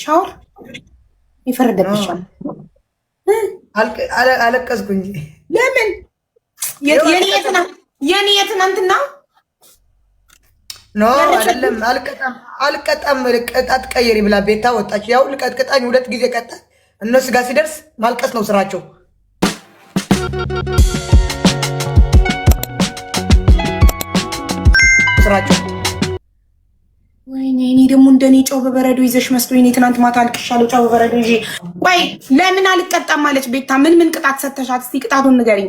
ሻወር ይፈረደብሻል። አለቀስኩ እንጂ ለምን የኔ የትናንትና ኖ አይደለም። አልቀጣም አልቀጣም ቅጣት ቀይሪ ብላ ቤታ ወጣች። ያው ልቀጥቅጣኝ ሁለት ጊዜ ቀጣ። እነሱ ጋር ሲደርስ ማልቀስ ነው ስራቸው። ስራቸው ወይኔ እኔ ደግሞ እንደኔ ጨው በበረዶ ይዘሽ መስሎ እኔ ትናንት ማታ አልቅሻለሁ። ጨው በበረዶ ይዤ ቆይ ለምን አልቀጣም አለች ቤታ። ምን ምን ቅጣት ሰተሻት? እስቲ ቅጣቱን ንገሪኝ።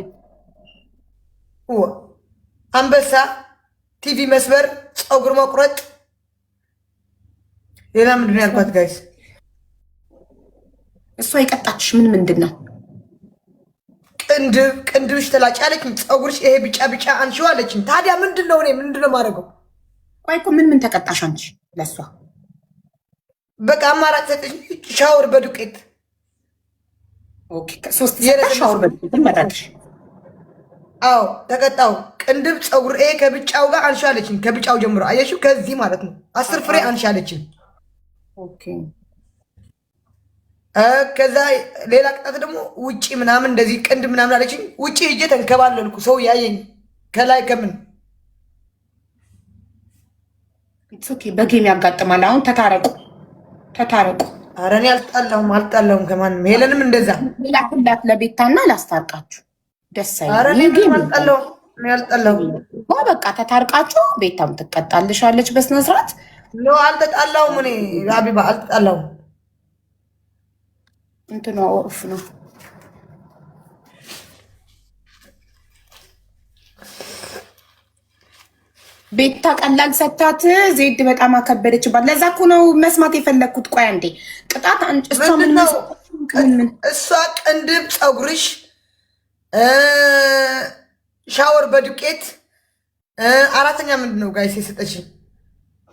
አንበሳ፣ ቲቪ መስበር፣ ፀጉር መቁረጥ፣ ሌላ ምንድን ነው ያልኳት? ጋይስ እሷ የቀጣችሽ ምን ምንድን ነው? ቅንድብ ቅንድብሽ ተላጭ አለችኝ። ፀጉርሽ ይሄ ቢጫ ቢጫ አንሺው አለችኝ። ታዲያ ምንድን ነው እኔ ምንድን ነው የማደርገው? ቆይ እኮ ምን ምን ተቀጣሽ አንቺ? ለሷ በቃ አማራጭ ሰጠች። ሻወር በዱቄት አዎ ተቀጣው። ቅንድብ ፀጉር ኤ ከብጫው ጋር አንሻለችን አለችኝ። ከብጫው ጀምሮ አየሽው፣ ከዚህ ማለት ነው። አስር ፍሬ አንሻለችን። ከዛ ሌላ ቅጣት ደግሞ ውጭ ምናምን እንደዚህ ቅንድ ምናምን አለችኝ። ውጭ እጄ ተንከባለልኩ። ሰው ያየኝ ከላይ ከምን በጌም ያጋጥማል። አሁን ተታረቁ ተታረቁ። ኧረ እኔ አልጣለሁም አልጣለሁም ከማንም ሄለንም እንደዛ ላክላት ለቤታና ላስታርቃችሁ ደስ አልጣለሁም። በቃ ተታርቃችሁ ቤታም ትቀጣልሻለች በስነ ስርዓት። አልተጣላሁም እኔ ሀቢባ አልተጣላሁም። እንትኗ ወፍ ነው ቤታ ቀላል ሰታት ዜድ በጣም አከበደችባት። ለዛ እኮ ነው መስማት የፈለግኩት። ቆይ አንዴ ቅጣት እሷ ቅንድብ፣ ፀጉርሽ፣ ሻወር በዱቄት አራተኛ ምንድን ነው ጋይስ የሰጠች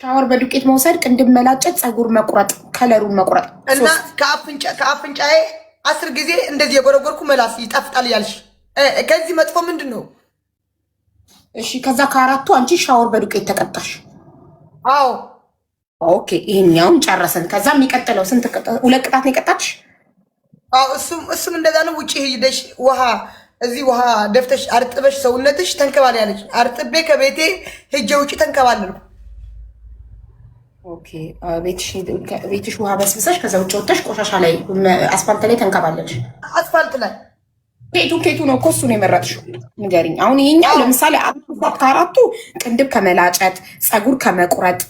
ሻወር በዱቄት መውሰድ፣ ቅንድብ መላጨት፣ ፀጉር መቁረጥ፣ ከለሩን መቁረጥ እና ከአፍንጫዬ አስር ጊዜ እንደዚህ የጎረጎርኩ መላስ ይጣፍጣል ያልሽ ከዚህ መጥፎ ምንድን ነው? እሺ፣ ከዛ ከአራቱ አንቺ ሻወር በዱቄት ተቀጣሽ። አዎ። ኦኬ፣ ይሄኛውን ጨረስን። ከዛ የሚቀጥለው ስንት ሁለት ቅጣት ነው የቀጣች? አዎ፣ እሱም እሱም እንደዛ ነው። ውጪ ሄደሽ ውሃ እዚህ ውሃ ደፍተሽ አርጥበሽ ሰውነትሽ ተንከባል ያለች አርጥቤ ከቤቴ ሄጄ ውጪ ተንከባል ነው። ኦኬ፣ ቤትሽ ውሃ በስብሰሽ ከዛ ውጭ ወጥተሽ ቆሻሻ ላይ አስፋልት ላይ ተንከባለልሽ። አስፋልት ላይ ኬቱ ኬቱ ነው እኮ እሱን የመረጥሽው ንገሪኝ። አሁን ይሄኛው ለምሳሌ አራት ከአራቱ ቅንድብ ከመላጨት፣ ፀጉር ከመቁረጥ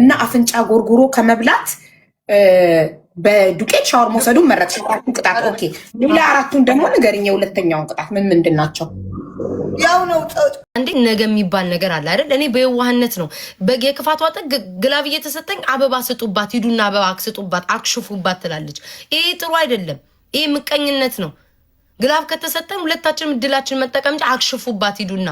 እና አፍንጫ ጎርጉሮ ከመብላት በዱቄት ሻወር መውሰዱን መረጥሽ። አራቱን ቅጣት ኦኬ። ሌላ አራቱን ደግሞ ንገሪኝ። የሁለተኛውን ቅጣት ምን ምንድን ናቸው? ያው ነው እንዴ ነገ የሚባል ነገር አለ አይደል? እኔ በየዋህነት ነው የክፋቷ ጠግ ግላብ እየተሰጠኝ አበባ ስጡባት፣ ሂዱና አበባ ስጡባት፣ አክሽፉባት ትላለች። ይሄ ጥሩ አይደለም። ይሄ ምቀኝነት ነው። ግላፍ ከተሰጠን ሁለታችን እድላችን መጠቀም እንጂ አክሽፉባት ሂዱና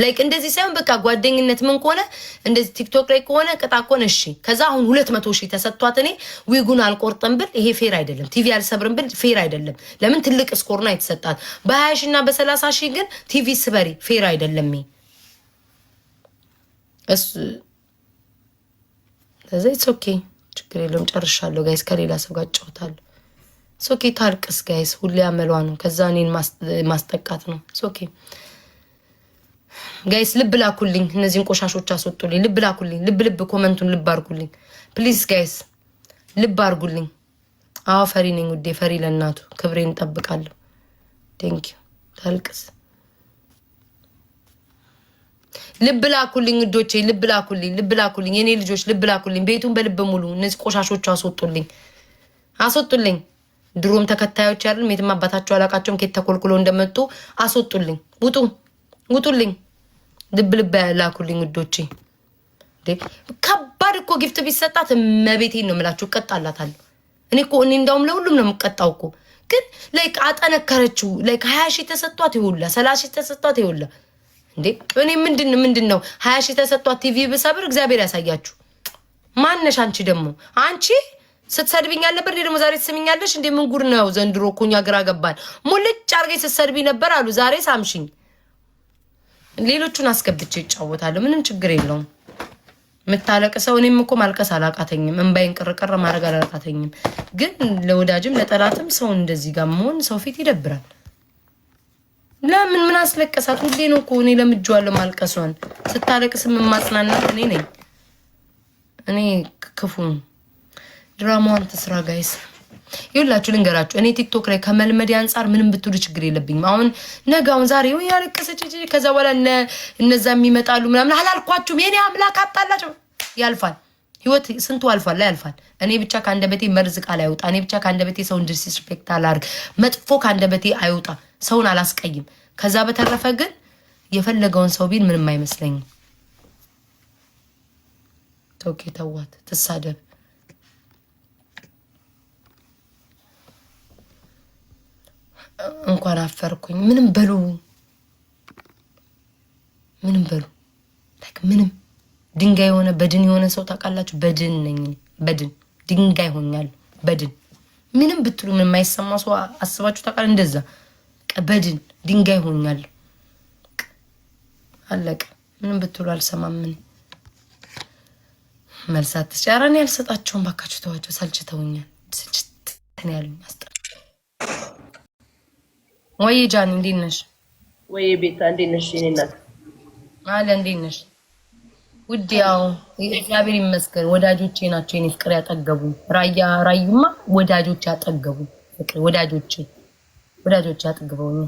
ላይክ እንደዚህ ሳይሆን በቃ ጓደኝነት ምን ከሆነ እንደዚህ ቲክቶክ ላይ ከሆነ ቅጣ ከሆነ እሺ። ከዛ አሁን ሁለት መቶ ሺህ ተሰጥቷት እኔ ዊጉን አልቆርጥም ብል ይሄ ፌር አይደለም። ቲቪ አልሰብርም ብል ፌር አይደለም። ለምን ትልቅ ስኮር ነው የተሰጣት። በሀያ ሺህ እና በሰላሳ ሺህ ግን ቲቪ ስበሪ ፌር አይደለም። ከዛ ኦኬ ችግር የለውም። ጨርሻለሁ ጋይስ። ከሌላ ሰው ጋር እጫወታለሁ። ሶኬ ታልቅስ ጋይስ፣ ሁሌ አመሏ ነው። ከዛ እኔን ማስጠቃት ነው። ሶኬ ጋይስ፣ ልብ ላኩልኝ፣ እነዚህን ቆሻሾች አስወጡልኝ። ልብ ላኩልኝ፣ ልብ ልብ፣ ኮመንቱን ልብ አርጉልኝ ፕሊዝ ጋይስ፣ ልብ አርጉልኝ። አዎ ፈሪ ነኝ ውዴ፣ ፈሪ ለእናቱ ክብሬን እንጠብቃለሁ። ቴንኪዩ ታልቅስ። ልብ ላኩልኝ ውዶቼ፣ ልብ ላኩልኝ፣ ልብ ላኩልኝ፣ የኔ ልጆች ልብ ላኩልኝ። ቤቱን በልብ ሙሉ። እነዚህ ቆሻሾቹ አስወጡልኝ፣ አስወጡልኝ። ድሮም ተከታዮች ያሉን የትም አባታቸው አላቃቸውም። ኬት ተኮልኩሎ እንደመጡ አስወጡልኝ። ውጡ ውጡልኝ። ልብ ልብ ያላኩልኝ ውዶቼ። ከባድ እኮ ጊፍት ቢሰጣት መቤቴን ነው የምላችሁ፣ እቀጣላታለሁ። እኔ እኮ እኔ እንዳውም ለሁሉም ነው የምቀጣው እኮ ግን ላይክ አጠነከረችው። ላይክ ሀያ ሺህ ተሰጧት ይውላ፣ ሰላሳ ሺህ ተሰጧት ይውላ። እንዴ እኔ ምንድን ምንድን ነው ሀያ ሺህ ተሰጧት ቲቪ ብሰብር እግዚአብሔር ያሳያችሁ። ማነሽ አንቺ ደግሞ አንቺ ስትሰድብኝ አልነበር ደግሞ ዛሬ ትስምኛለሽ እንዴ? ምን ጉድ ነው ዘንድሮ? እኮ እኛ ግራ ገባን። ሙልጭ አድርገኝ ስትሰድብኝ ነበር አሉ። ዛሬ ሳምሽኝ። ሌሎቹን አስገብቼ ይጫወታሉ። ምንም ችግር የለውም። ሰው እኔም እኮ ማልቀስ አላቃተኝም። እንባይን ቅርቅር ማድረግ አላቃተኝም። ግን ለወዳጅም ለጠላትም ሰው እንደዚህ ጋር መሆን ሰው ፊት ይደብራል። ለምን ምን አስለቀሳት? ሁሌ ነው እኮ እኔ ለምጄዋለሁ ማልቀሷን። ስታለቅስ የማጽናናት እኔ ነኝ። እኔ ክፉ ድራማዋን ትስራ ጋይስ። ይሁላችሁ ልንገራችሁ፣ እኔ ቲክቶክ ላይ ከመልመድ አንጻር ምንም ብትሉ ችግር የለብኝም። አሁን ነገ አሁን ዛሬ ሁ ያለቀሰች ከዛ በኋላ እነዛ የሚመጣሉ ምናምን አላልኳችሁም። የኔ አምላክ አጣላቸው ያልፋል። ህይወት ስንቱ አልፏል ላይ አልፏል። እኔ ብቻ ከአንደበቴ መርዝ ቃል አይወጣ። እኔ ብቻ ከአንደበቴ ሰውን ዲስሪስፔክት አላርግ። መጥፎ ከአንደበቴ አይወጣ። ሰውን አላስቀይም። ከዛ በተረፈ ግን የፈለገውን ሰው ቢል ምንም አይመስለኝም። ተውኬ ተዋት ትሳደብ እንኳን አፈርኩኝ። ምንም በሉ ምንም በሉ ምንም ድንጋይ የሆነ በድን የሆነ ሰው ታውቃላችሁ? በድን ነኝ በድን ድንጋይ ሆኛለሁ። በድን ምንም ብትሉ ምን የማይሰማ ሰው አስባችሁ ታውቃል? እንደዛ በድን ድንጋይ ሆኛለሁ። አለቀ። ምንም ብትሉ አልሰማም። ምን መልሳት ትችያለሽ? ኧረ እኔ አልሰጣቸውም። ባካችሁ ተዋቸው። ሰልችተውኛል። ስልችት ያሉኝ ወይ ጃኒ እንዴት ነሽ? ወይ ቤታ እንዴት ነሽ? የእኔ እናት አለ እንዴት ነሽ? ውድ ያው እግዚአብሔር ይመስገን ወዳጆቼ ናቸው የኔ ፍቅር ያጠገቡ ራያ ራዩማ ወዳጆቼ ያጠገቡ ፍቅር ወዳጆቼ ወዳጆቼ ያጠግበውኝ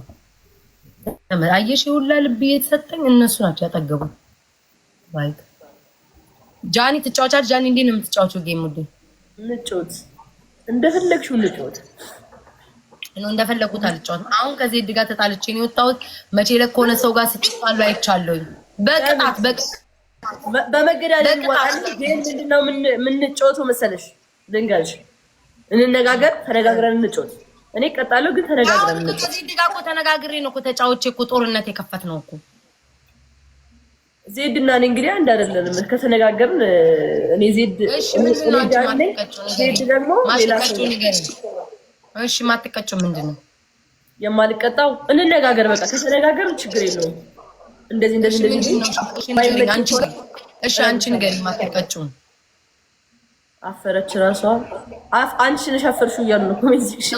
አየሽ ሁላ ልብ የተሰጠኝ እነሱ ናቸው ያጠገቡ ላይክ ጃኒ ትጫወቻለሽ ጃኒ እንዴት ነው የምትጫወቸው ጌም ውዴ እንጫወት እንደፈለግሽው እንጫወት እንደፈለጉት አልጫወትም። አሁን ከዜድ እድጋ ተጣልቼ ነው የወጣሁት። መቼ ዕለት ከሆነ ሰው ጋር ስጭፋሉ አይቻለሁ። በቅጣት በመገዳደል ምንድን ነው የምንጫወተው መሰለሽ? ልንገርሽ፣ እንነጋገር። ተነጋግረን እንጫወት። እኔ እቀጣለሁ፣ ግን ተነጋግረን እንጫወት። ጋር እኮ ተነጋግሬ ነው እኮ ተጫውቼ እኮ ጦርነት የከፈት ነው እኮ ዜድ እና እኔ እንግዲህ አንድ አይደለንም። ከተነጋገርን እኔ ዜድ ዜድ ደግሞ ሌላ ሰው እሺ፣ የማትቀጭው ምንድን ነው? የማልቀጣው እንነጋገር። በቃ ከተነጋገር ችግር የለውም። እንደዚህ እንደዚህ እንደዚህ። አንቺ እሺ፣ አንቺ ንገሪኝ የማትቀጭው አፈረች ራሷ አንቺ ነሽ አፈርሽው እያሉ ነው።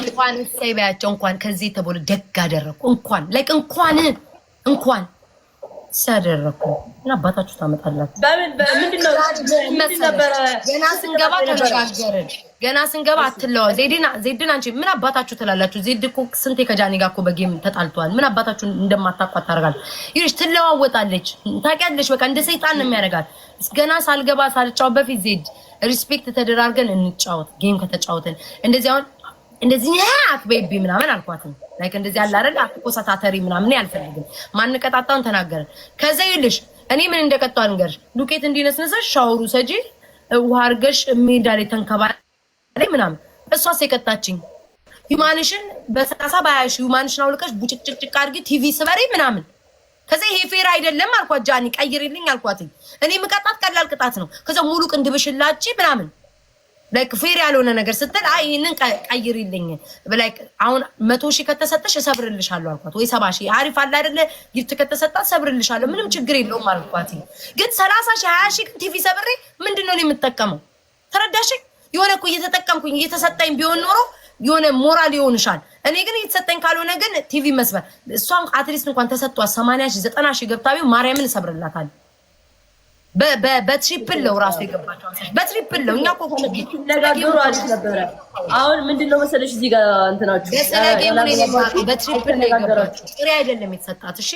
እንኳን እሰይ በያቸው። እንኳን ከዚህ የተቦለ ደግ አደረኩ። እንኳን ላይክ እንኳን እንኳን ሲያደረግኩ ምን እና አባታችሁ ታመጣላችሁ። ገና ስንገባ ተነጋገርን። ገና ስንገባ አትለዋ ዜድን አንቺ ምን አባታችሁ ትላላችሁ? ዜድ እኮ ስንቴ ከጃኒ ጋር እኮ በጌም ተጣልተዋል። ምን አባታችሁ እንደማታቋት ታደርጋል። ይኸውልሽ ትለዋወጣለች፣ ታውቂያለሽ። በቃ እንደ ሰይጣን ነው የሚያደርጋት። ገና ሳልገባ ሳልጫወት በፊት ዜድ ሪስፔክት ተደራርገን እንጫወት ጌም ከተጫወትን እንደዚህ አሁን እንደዚህ አትበይቢ ምናምን አልኳትም። ላይክ እንደዚህ ያለ አይደል አትኮሳታተሪ ምናምን አልፈልግም። ማንቀጣጣውን ተናገረ። ከዛ ይልሽ እኔ ምን እንደቀጣው ንገርሽ፣ ዱቄት እንዲነስነሰሽ ሻወሩ ሰጂ ውሃ አድርገሽ ሜዳ ላይ ተንከባለ ምናምን። እሷስ የቀጣችኝ ሂማንሽን በሰላሳ በሀያ ሂማንሽን አውልቀሽ ቡጭቅጭቅጭቅ አድርጊ ቲቪ ስበሪ ምናምን። ከዛ ይሄ ፌር አይደለም አልኳት። ጃኒ ቀይሪልኝ አልኳትኝ። እኔ ምቀጣት ቀላል ቅጣት ነው። ከዛ ሙሉ ቅንድብሽን ምናምን ላይክ ፌር ያልሆነ ነገር ስትል አይ ይህንን ቀይሪልኝ ላይክ አሁን መቶ ሺህ ከተሰጠሽ እሰብርልሻለሁ አልኳት። ወይ ሰባ ሺህ አሪፍ አለ አይደለ ጊፍት ከተሰጣ እሰብርልሻለሁ ምንም ችግር የለውም አልኳት። ግን ሰላሳ ሺህ ሀያ ሺህ ግን ቲቪ ሰብሬ ምንድን ነው የምጠቀመው? ተረዳሽ የሆነ እኮ እየተጠቀምኩኝ እየተሰጠኝ ቢሆን ኖሮ የሆነ ሞራል ይሆንሻል። እኔ ግን እየተሰጠኝ ካልሆነ ግን ቲቪ መስበር እሷን አትሊስት እንኳን ተሰጥቷት ሰማንያ ሺህ ዘጠና ሺህ ገብታ ቢሆን ማርያምን እሰብርላታለሁ በትሪፕል ነው ራሱ የገባቸው በትሪፕል ነው። እኛ ነጋገሩ አሪፍ ነበረ። አሁን ምንድን ነው መሰለሽ እዚህ ጋር እንትናችሁ በትሪፕል ነው የገባቸው። ጥሬ አይደለም የተሰጣት። እሺ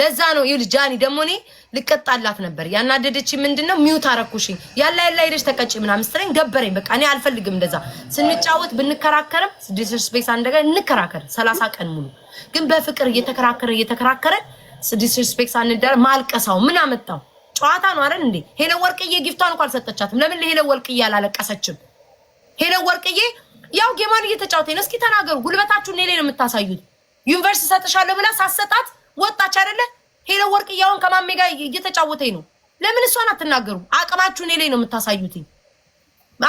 ለዛ ነው ይኸውልሽ፣ ጃኒ ደግሞ እኔ ልቀጣላት ነበር። ያናደደች ምንድን ነው ሚውት አረኩሽኝ ያላ ያላ ሄደሽ ተቀጭ ምናምን ስትለኝ ገበረኝ። በቃ እኔ አልፈልግም። እንደዛ ስንጫወት ብንከራከርም ዲስርስፔክት አንደጋ እንከራከር ሰላሳ ቀን ሙሉ ግን በፍቅር እየተከራከረ እየተከራከረ ዲስሪስፔክት ሳንደር ማልቀሳው ምን አመጣው? ጨዋታ ነው አይደል እንዴ? ሄለ ወርቅዬ ጊፍቷን እንኳን አልሰጠቻትም። ለምን ለሄለ ወርቅዬ አላለቀሰችም? ሄለ ወርቅዬ ያው ጌማን እየተጫወተ ነው። እስኪ ተናገሩ፣ ጉልበታችሁን ሌላ ነው የምታሳዩት። ዩኒቨርሲቲ ሰጥሻለሁ ብላ ሳሰጣት ወጣች አይደለ? ሄለ ወርቅዬ አሁን ከማሜ ጋር እየተጫወተኝ ነው። ለምን እሷን አትናገሩ? አቅማችሁን ሌላ ነው የምታሳዩት።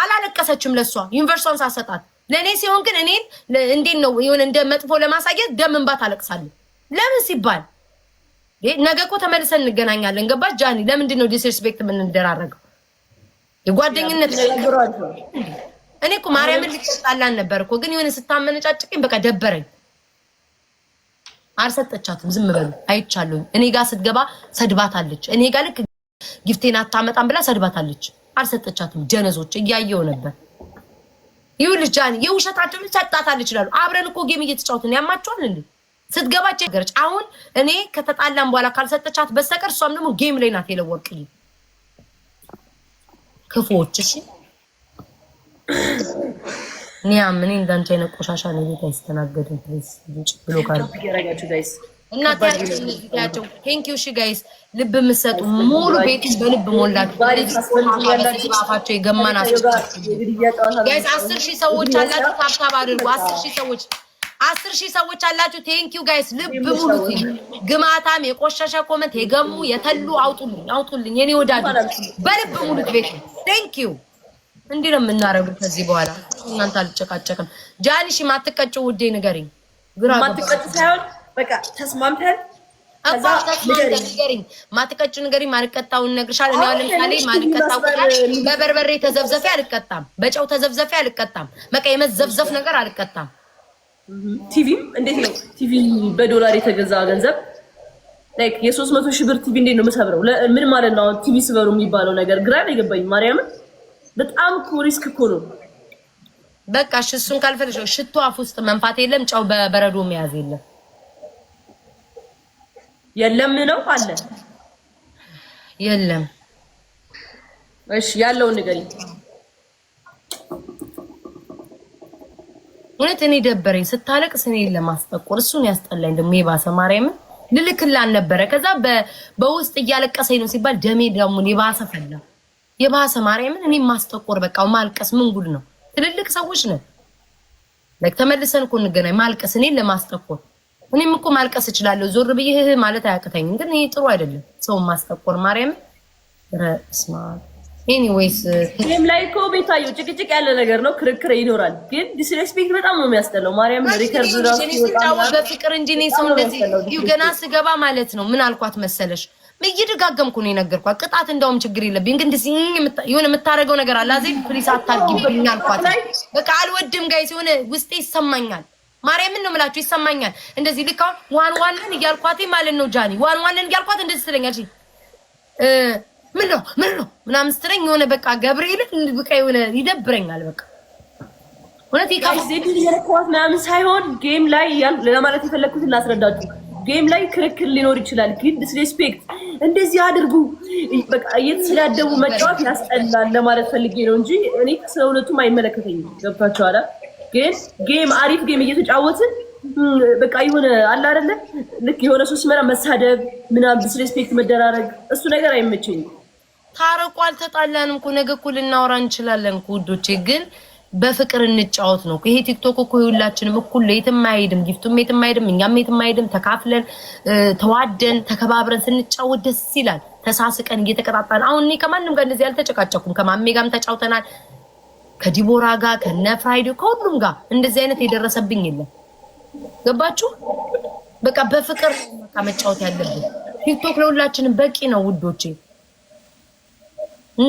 አላለቀሰችም ለሷ ዩኒቨርሲቲውን ሳሰጣት። ለእኔ ሲሆን ግን እኔን እንዴት ነው ይሁን እንደ መጥፎ ለማሳየት ደም አለቅሳለሁ። ለምን ሲባል ነገ እኮ ተመልሰን እንገናኛለን። ገባች ጃኒ? ለምንድን ነው ዲስሪስፔክት የምንደራረገው? የጓደኝነት እኔ እኮ ማርያምን ልትጣላን ነበር እኮ ግን የሆነ ስታመነጫጭቅኝ በቃ ደበረኝ። አልሰጠቻትም። ዝም በሉ አይቻለሁኝ። እኔ ጋር ስትገባ ሰድባታለች። እኔ ጋር ልክ ጊፍቴን አታመጣም ብላ ሰድባታለች። አልሰጠቻትም። ጀነዞች እያየው ነበር። ይኸውልሽ ጃኒ የውሸታቸውን ሰጣታለች ይላሉ። አብረን እኮ ጌም እየተጫወትን ያማቸዋል እንዴ ስትገባች ነገረች። አሁን እኔ ከተጣላም በኋላ ካልሰጠቻት በስተቀር እሷም ደግሞ ጌም ላይ ናት። የለወርቅኝ ክፉዎች። እሺ ኒያም እኔ እንዳንቺ አይነት ቆሻሻ ነው ቤት አይስተናገድም። ፕሊዝ ብሎ ካል እና ታያቸው። ቴንኪዩ ሺ ጋይስ ልብ የምትሰጡ ሙሉ ቤት በልብ ሞላችሁ። ባፋቸው አስር ሺህ ሰዎች አላችሁ። ታብታብ አድርጉ። አስር ሺህ ሰዎች አስር ሺህ ሰዎች አላችሁ። ቴንኪዩ ጋይስ፣ ልብ ሙሉ ግማታም የቆሻሻ ኮመንት የገሙ የተሉ አውጡልኝ፣ አውጡልኝ የኔ ወዳጆች፣ በልብ ሙሉ ቤት። ቴንኪዩ እንዲህ ነው የምናደርገው ከዚህ በኋላ እናንተ አልጨቃጨቅም። ጃኒሽ ማትቀጭው ውዴ ንገሪኝ። ማትቀጭ ሳይሆን በቃ ተስማምተን ማትቀጭ ንገሪኝ። ማንቀጣውን እነግርሻለሁ። እኔ ለምሳሌ ማንቀጣው በበርበሬ ተዘብዘፌ አልቀጣም፣ በጨው ተዘብዘፌ አልቀጣም፣ በቃ የመዘብዘፍ ነገር አልቀጣም። ቲቪም እንዴት ነው ቲቪ በዶላር የተገዛ ገንዘብ ላይክ የሶስት መቶ ሺህ ብር ቲቪ እንዴት ነው የምሰብረው? ምን ማለት ነው? ቲቪ ስበሩ የሚባለው ነገር ግራ ገባኝ ማርያምን በጣም እኮ ሪስክ እኮ ነው። በቃ እሺ፣ እሱን ካልፈለሽ ሽቶ አፍ ውስጥ መንፋት የለም፣ ጨው በበረዶ መያዝ የለም። የለም ነው አለ የለም። እሺ ያለውን ንገሪኝ። እውነት እኔ ደበረኝ ስታለቅ ስኔን ለማስጠቆር እሱን ያስጠላኝ። ደግሞ የባሰ ማርያምን ልልክላን ነበረ። ከዛ በውስጥ እያለቀሰኝ ነው ሲባል ደሜ ደግሞ የባሰ ፈላ የባሰ ማርያምን እኔ ማስጠቆር በቃ ማልቀስ ምን ጉድ ነው? ትልልቅ ሰዎች ነን። ተመልሰን እኮ እንገናኝ። ማልቀስ እኔን ለማስጠቆር እኔም እኮ ማልቀስ እችላለሁ። ዞር ብዬ ማለት አያቅተኝም፣ ግን ይህ ጥሩ አይደለም። ሰውን ማስጠቆር ማርያምን ረስማ ኤኒዌይስ ይህም uh, ላይ እኮ ቤታዩ ጭቅጭቅ ያለ ነገር ነው፣ ክርክር ይኖራል። ግን ዲስሬስፔክት በጣም ነው የሚያስጠላው። ማርያም ሪከርድ በፍቅር እንጂ እኔ ሰው እንደዚህ ገና ስገባ ማለት ነው ምን አልኳት መሰለሽ? እየደጋገምኩ ነው የነገርኳት። ቅጣት እንደውም ችግር የለብኝ፣ ግን እንደዚህ የሆነ የምታደርገው ነገር አለ። አዜ ፕሊስ አታርጊብኝ አልኳት። በቃ አልወድም ጋይ የሆነ ውስጤ ይሰማኛል። ማርያምን ነው የምላችሁ ይሰማኛል። እንደዚህ ልክ አሁን ዋን ዋንን እያልኳት ማለት ነው ጃኒ ዋን ዋንን እያልኳት እንደዚህ ትለኛል ምን ነው ምን ነው ምናምን ስትለኝ የሆነ በቃ ገብርኤልን በቃ የሆነ ይደብረኛል። በቃ እውነት ይቃዜድኮት ምናምን ሳይሆን ጌም ላይ ለማለት የፈለግኩትን ላስረዳችሁ። ጌም ላይ ክርክር ሊኖር ይችላል፣ ግን ዲስሬስፔክት እንደዚህ አድርጉ በቃ እየተሰዳደቡ መጫወት ያስጠላል ለማለት ፈልጌ ነው እንጂ እኔ ስለ እውነቱም አይመለከተኝም። ገብታችኋል? ግን ጌም አሪፍ ጌም እየተጫወትን በቃ የሆነ አለ አይደለ ልክ የሆነ ሰው ሲመራ መሳደብ ምናምን ዲስሬስፔክት መደራረግ እሱ ነገር አይመቸኝም። ታረቁ። አልተጣላንም እኮ ነገ እኮ ልናወራ እንችላለን እኮ ውዶቼ፣ ግን በፍቅር እንጫወት ነው ይሄ ቲክቶክ እኮ የሁላችንም እኩል የትም አይሄድም። ጊፍቱም የትም አይሄድም፣ እኛም የትም አይሄድም። ተካፍለን ተዋደን ተከባብረን ስንጫወት ደስ ይላል። ተሳስቀን እየተቀጣጣን አሁን እኔ ከማንም ጋር እንደዚህ አልተጨቃጨኩም። ከማሜ ጋርም ተጫውተናል፣ ከዲቦራ ጋር ከነፍራይዶ ከሁሉም ጋር እንደዚህ አይነት የደረሰብኝ የለም። ገባችሁ? በቃ በፍቅር መጫወት ያለብን ቲክቶክ ለሁላችንም በቂ ነው ውዶቼ።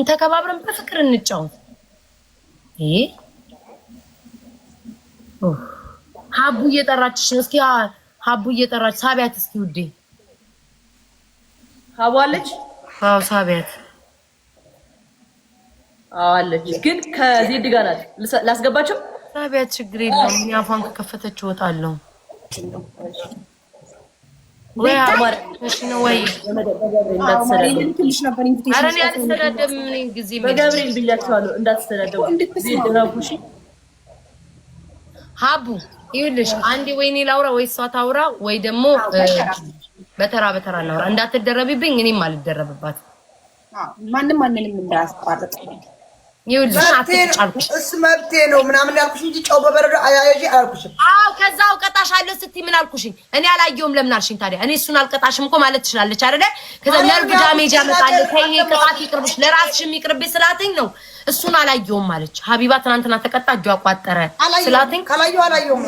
ተከባብረን በፍቅር እንጫወት። ይሄ ሀቡ እየጠራችሽ ነው። እስኪ ሀቡ እየጠራች ሳቢያት እስኪ ውዴ። ሀቡ አለች? አዎ ሳቢያት አለች። ግን ከዜድ ጋር ናት። ላስገባቸው። ሳቢያት ችግር የለም አፏን ከከፈተች እወጣለሁ። በገብርኤል ብያቸዋለሁ ሀቡ ይኸውልሽ፣ አንዴ ወይኔ ላውራ ወይ እሷ ታውራ ወይ ደግሞ በተራ በተራ ላውራ። እንዳትደረቢብኝ እኔም አልደረብባት ማንም ማንንም እንዳያስቋርጥ ይኸውልሽ መብቴ ነው ምናምን ያልኩሽ እንጂ ጨው በበረዶ አያያዥ አያልኩሽም። አዎ ከዛ አውቀጣሽ አለ ስትይ ምን አልኩሽኝ? እኔ አላየውም ለምን አልሽኝ? ታዲያ እኔ እሱን አልቀጣሽም እኮ ማለት ትችላለች አይደለ? ከዛ ነርቭ ዳሜጅ ያመጣል። ከይሄ ቅጣት ይቅርብሽ፣ ለራስሽም ይቅርብሽ ስላትኝ ነው እሱን አላየሁም ማለች። ሀቢባ ትናንትና ተቀጣ፣ እጇ አቋጠረ ስላትኝ ካላየሁ አላየሁም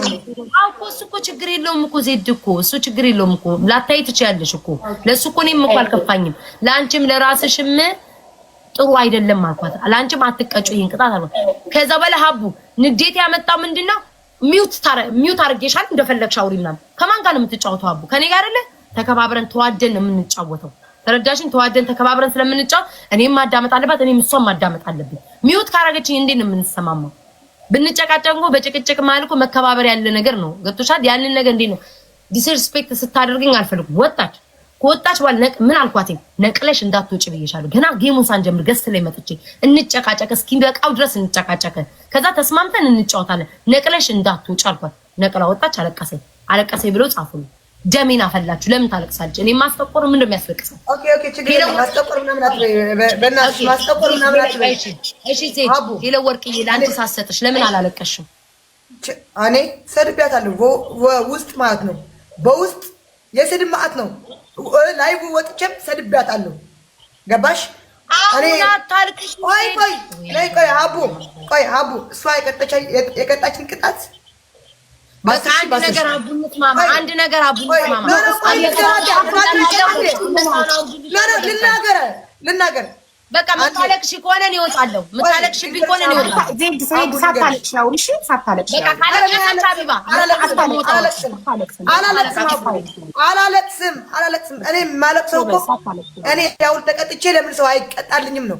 አዎ እኮ እሱ እኮ ችግር የለውም እኮ ዜድ እኮ እሱ ችግር የለውም እኮ ላታይ ትችያለሽ እኮ ለእሱ እኮ እኔም እኮ አልከፋኝም ለአንቺም ለራስሽም ጥሩ አይደለም አልኳት። ለአንቺም አትቀጩ ይሄን ቅጣት አልኳት። ከዛ በኋላ ሀቡ ንዴት ያመጣው ምንድነው? ሚውት ታረ ሚውት አድርጌሻል እንደፈለግሽ አውሪ ምናምን። ከማን ጋር ነው የምትጫወተው? ሀቡ ከኔ ጋር አይደለ? ተከባብረን ተዋደን ነው የምንጫወተው። ተረዳሽን? ተዋደን ተከባብረን ስለምንጫወት እኔም ማዳመጥ አለባት፣ እኔም እሷም ማዳመጥ አለብኝ። ሚውት ካረገችኝ እንዴት ነው የምንሰማማው? ብንጨቃጨቅ በጭቅጭቅ ማልኩ መከባበር ያለ ነገር ነው። ገብቶሻል? ያንን ነገር እንዴት ነው ዲስሪስፔክት ስታደርግኝ አልፈልግም። ወጣች ከወጣች በኋላ ምን አልኳትኝ? ነቅለሽ እንዳትወጪ ብዬሻለሁ። ገና ጌሙን ሳንጀምር ገስት ላይ መጥቼ እንጨቃጨቅ፣ እስኪበቃው ድረስ እንጨቃጨቅ፣ ከዛ ተስማምተን እንጫወታለን። ነቅለሽ እንዳትወጪ አልኳት። ነቅላ ወጣች። አለቀሰኝ አለቀሰኝ ብሎ ጻፉ። ደሜን አፈላችሁ። ለምን ታለቅሳለች? እኔ ማስጠቆር ምን እንደሚያስለቅሳል? ኦኬ ኦኬ፣ ችግር የለም። ማስጠቆር ምናምን አትበይ፣ በእናትሽ ማስጠቆር ምናምን አትበይ። እሺ ዜድ፣ ሌላው ወርቅዬ፣ ለአንቺ ሳሰጥሽ ለምን አላለቀሽም? እኔ ሰድቢያታለሁ፣ ውስጥ ማለት ነው። በውስጥ የስድብ ማዕት ነው ላይቭ ወጥቼም ሰድቤያታለሁ። ገባሽ? ቆይ አቡ ቆይ አቡ እሷ የቀጣችን ቅጣት አንድ ነገር አቡነት ማማ አንድ ነገር አቡነት ማማ ልናገር ልናገር በቃ መታለቅሽ ከሆነ ነው እወጣለሁ። መታለቅሽ ቢሆነ ነው እወጣለሁ። ሳታለቅሽ ነው እሺ፣ ሳታለቅሽ በቃ ካለቅሽ አቢባ አላለቅስም። እኔ የማለቅሰው እኮ እኔ ያው ተቀጥቼ ለምን ሰው አይቀጣልኝም ነው